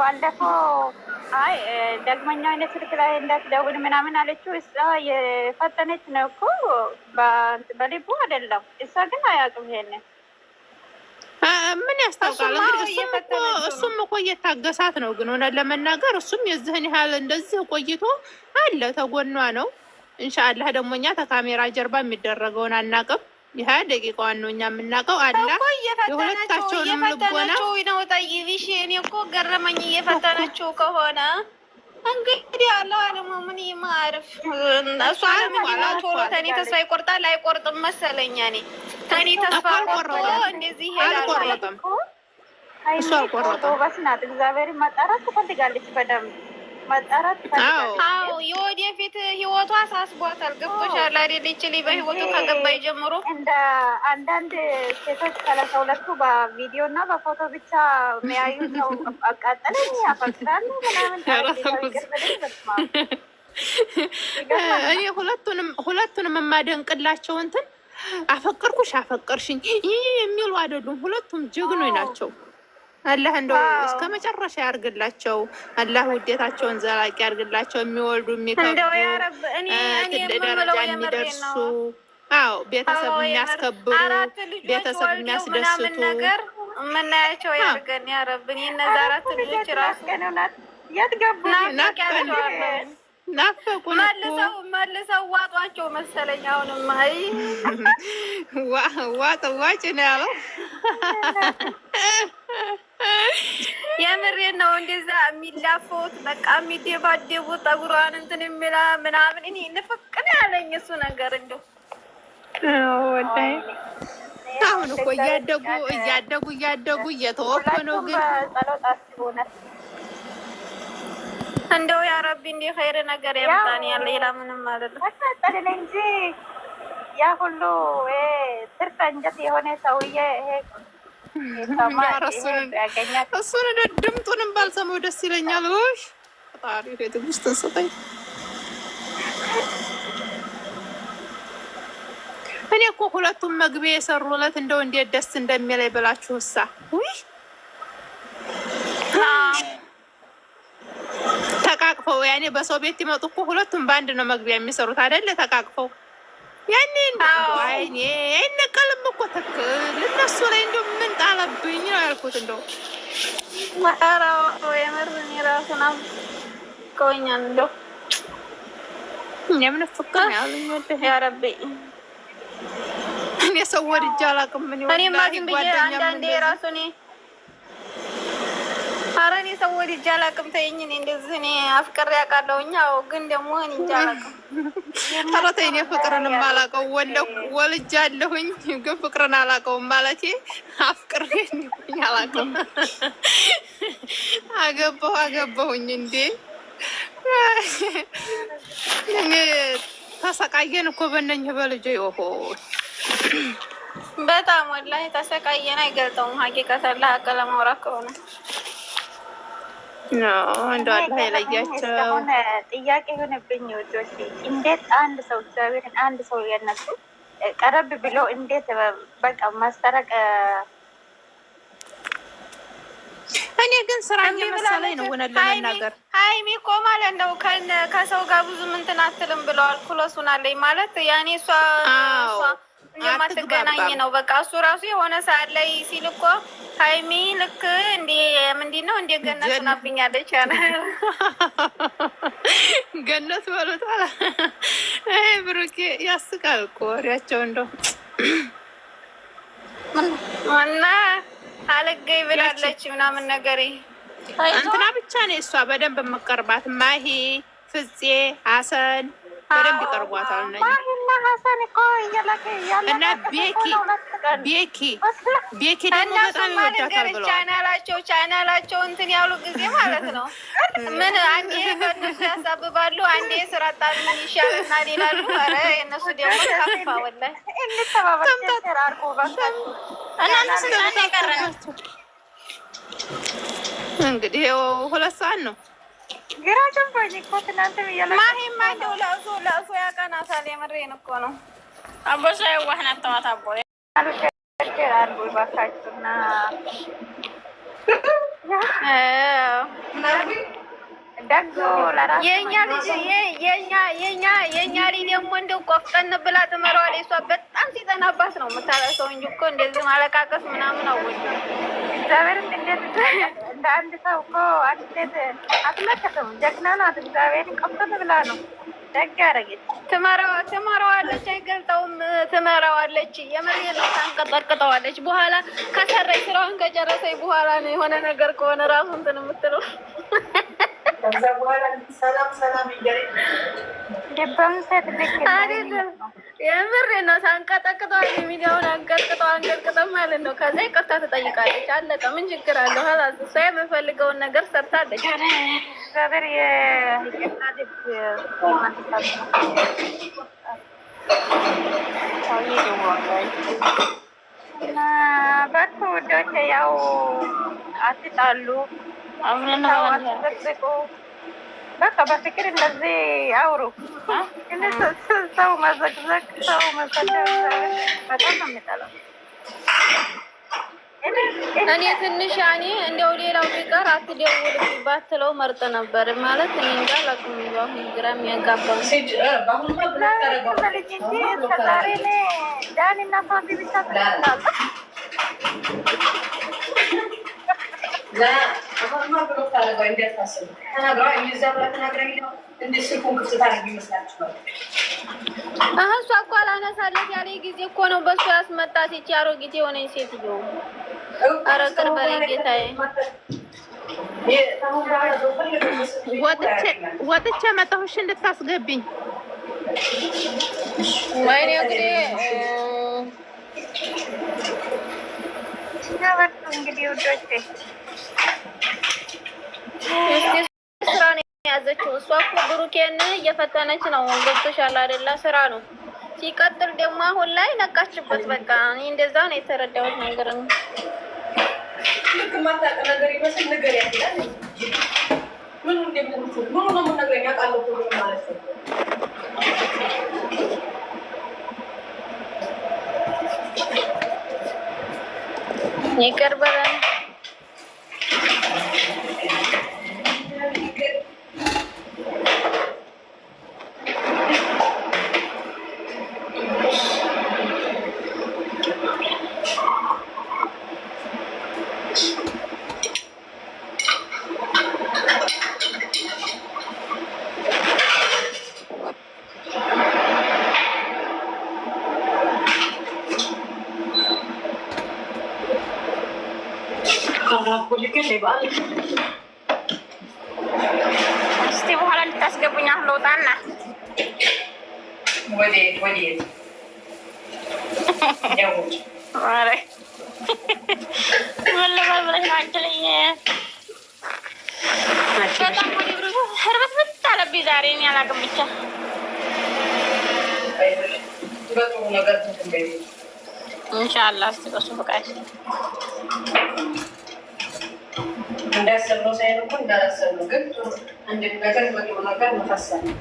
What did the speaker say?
ባለፈው አይ ደግመኛ አይነት ስልክ ላይ እንዳትደውል ምናምን አለችው። እሷ የፈጠነች ነው እኮ በልቡ አይደለም። እሷ ግን አያውቅም ይሄንን ምን ያስታውቃል? እሱም እኮ እየታገሳት ነው። ግን ሆነ ለመናገር እሱም የዚህን ያህል እንደዚህ ቆይቶ አለ ተጎኗ ነው። እንሻአላህ ደግሞ እኛ ተካሜራ ጀርባ የሚደረገውን አናውቅም። ይህ ደቂቃዋን ነው እኛ የምናውቀው። አላ የሁለታቸውንም ልቦና ነው ጠይብሽ። እኔ እኮ ገረመኝ። እየፈተነችው ከሆነ እንግዲህ አለ አለሞ ምን ይማርፍ እሱ አለመዲና ቶሎ ተኔ ተስፋ ይቆርጣል። አይቆርጥም መሰለኛ ኔ ተኔ ተስፋ ቆርጦ እንደዚህ ይሄዳል። እሱ አልቆረጠም። በስናት እግዚአብሔር ማጣራት ትፈልጋለች በደንብ አዎ የወደፊት ህይወቷ አሳስቧታል። ገብቶሻል አይደል? በህይወቱ ከገባይ ጀምሮ እንደ አንዳንድ ሴቶች ሰላሳ ሁለቱ በቪዲዮ እና በፎቶ ብቻ መያዩ ሰው አቃጠለኝ ያፈቅራሉ ምናምን እኔ ሁለቱንም ሁለቱንም የማደንቅላቸው እንትን አፈቀርኩሽ አፈቀርሽኝ ይህ የሚሉ አይደሉም። ሁለቱም ጀግኖች ናቸው። አላህ እንደው እስከ መጨረሻ ያርግላቸው። አላህ ውዴታቸውን ዘላቂ ያርግላቸው። የሚወልዱ የሚከብዱ ትልቅ ደረጃ የሚደርሱ አዎ ቤተሰብ የሚያስከብሩ ቤተሰብ የሚያስደስቱ የምናያቸው ያርገን ያረብን። እነዚያ አራት ልጆች ራሱ የት ገቡ? ናፈቁን መልሰው ዋጧቸው መሰለኝ። አሁንም አይ ዋጭ ነው ያለው የምሬ ነው። እንደዛ የሚላፉት በቃ የሚደባደቡት ጠጉሯን እንትን የሚላ ምናምን እኔ ንፍቅን ያለኝ እሱ ነገር እንደው አሁን እኮ እያደጉ እያደጉ እያደጉ እየተወኩ ነው። ግን እንደው ያረቢ ረቢ እንደ ኸይር ነገር ያምጣን ያለ ሌላ ምንም ማለት ነው እንጂ ያ ሁሉ ትርፍ እንጨት የሆነ ሰውዬ እሱን ድምጡንም ባልሰማው ደስ ይለኛል። ሽ ፈጣሪ ትግስት ስጠኝ። እኔ እኮ ሁለቱም መግቢያ የሰሩለት እንደው እንዴት ደስ እንደሚለኝ ብላችሁ እሳ ውይ ተቃቅፈው ያኔ በሰው ቤት ይመጡ እኮ ሁለቱም በአንድ ነው መግቢያ የሚሰሩት አይደለ? ተቃቅፈው ያኔ አይኔ አይነቀልም እኮ aku sedot macaron, oemer senira senam koinan do, ini apa? arabic ya, ini semua dijalan kemenuangan di kota yang dierasuni, karena ini semua dijalan ini di sini afkir ya kadonya, gendemu kan nih jalan, karena ini aku karena malakow, walau walajadloh ini አላውቅም። አገባሁ አገባሁኝ እንዴ! ተሰቃየን እኮ በእነኝህ በልጆ ይሆ በጣም ወላሂ ተሰቃየን። አይገልጠውም። ሀቂቀተላ ሀቅ ለማውራት ከሆነ አላህ የለያቸው። ጥያቄ የሆነብኝ ውዶች፣ እንዴት አንድ ሰው እግዚአብሔርን አንድ ሰው የነሱ ቀረብ ብሎ እንዴት በቃ ማስታረቅ እኔ ግን ስራ እየመሰለኝ ነው። ሆነ ለመናገር ሀይሚ እኮ ማለት ነው ከሰው ጋር ብዙ ምንትን አትልም ብለዋል። ኩለሱን አለኝ ማለት ያኔ እሷ እንደማትገናኝ ነው። በቃ እሱ ራሱ የሆነ ሰዓት ላይ ሲል እኮ ሀይሚ ልክ እንዴ ምንድን ነው እንዴ ገነት ናብኛለች ያለ ገነት በሎታል። ይሄ ብሩኬ ያስቃል እኮ ወሬያቸው እንደው እና አለገኝ ብላለች ምናምን ነገር እንትና ብቻ ነው እሷ በደንብ የምቀርባት ማሂ ፍጼ፣ ሀሰን በደንብ ይቀርቧታል። እና ቤኪ ቤኪ ቤኪ ደግሞ በጣም ይወዳታል ብለዋል። ቻናላቸው ቻናላቸው እንትን ያሉ ጊዜ ማለት ነው። ምን አንዴ ከእነሱ ያሳብባሉ፣ አንዴ ስራ ጣል ምን ይሻለናል ይላሉ። ኧረ የእነሱ ደግሞ ከፋ ወላሂ እንግዲህ ሁለት ሰዓት ነው። ግራ ጨንፎኝ እኮ ትናንትም እያለቀሰች ማሂማ እንደው ለእሱ ለእሱ ያቀናታል። የምሬን እኮ ነው። አቦሻ የዋህ ናት። አቦ አሉ ባካችሁና የእኛ ልጅ የእኛ ልጅ ደግሞ እንደው ቆፍጠን ብላ ትመራዋለች እሷ አባት ነው የምታለቅሰው እንጂ እኮ እንደዚህ ማለቃቀስ ምናምን ነው ወይ? እግዚአብሔር እንደ አንድ ሰው እኮ አንድ ሴት ጀግና ናት። እግዚአብሔርን ቀብሰት ብላ ነው ደግ ያደረገች። ትመራዋለች፣ አይገልጠውም። ትመራዋለች። የምር ታንቀጠቅጠዋለች። በኋላ ከሰራች ስራውን ከጨረሰች በኋላ ነው የሆነ ነገር ከሆነ ራሱ እንትን የምትለው። ከዛ በኋላ ሰላም ሰላም እያለች የምሬ ነው። ሳንቀጠቅጠው ሚዲያውን አንቀጥቅጠው አንቀጥቅጠው ማለት ነው። ከዛ ይቅርታ ትጠይቃለች። አለቀ። ምን ችግር አለው? ሀላስ እሷ የምፈልገውን ነገር ሰርታለች። በርቱ ውዶች፣ ያው አትጣሉ፣ አብረን ተጠብቁ በቃ በፍቅር እንደዚህ አውሩ። ሰው መዘግዘግ፣ ሰው መሰደብ በጣም ነው የሚጠላው። እኔ ትንሽ ያኔ እንደው ሌላው ቢቀር አትደውልብኝ ባትለው መርጥ ነበር ማለት እኔ እንጃ አላውቅም። አሁን ግራ የሚያጋባው ልጅ ታደረገ እንዲያታስብ ተናግረዋ እዛ ብላ ተናግረ እንዴት ስልኩን ክፍት ታደረግ ይመስላችኋል? እሷ እኮ አላነሳለት ያለ ጊዜ እኮ ነው በእሱ ያስመጣት ይቺ አሮጊት የሆነች ሴትዮ። ኧረ ቅር በለኝ ጌታዬ። ወጥቼ መጣሁ። እሺ እንድታስገብኝ። ወይኔ እንግዲህ እንግዲህ ውዶቼ እሷ እኮ ብሩኬን እየፈተነች ነው። ገብቶሻል አይደለ? ስራ ነው። ሲቀጥል ደግሞ አሁን ላይ ነቃችበት። በቃ እኔ እንደዛ ነው የተረዳሁት ነገር ነው። ይቅር በለን እስቲ በኋላ ልታስገቡኝ አልወጣና ወዴት ወዴት ኢንሻአላህ እስቲ በሱ ፈቃድ እንዳሰብነው ሳይሆን እኮ እንዳላሰብነው ግን አንድ ነገር በጥሩ ነገር መፈሰል ነው።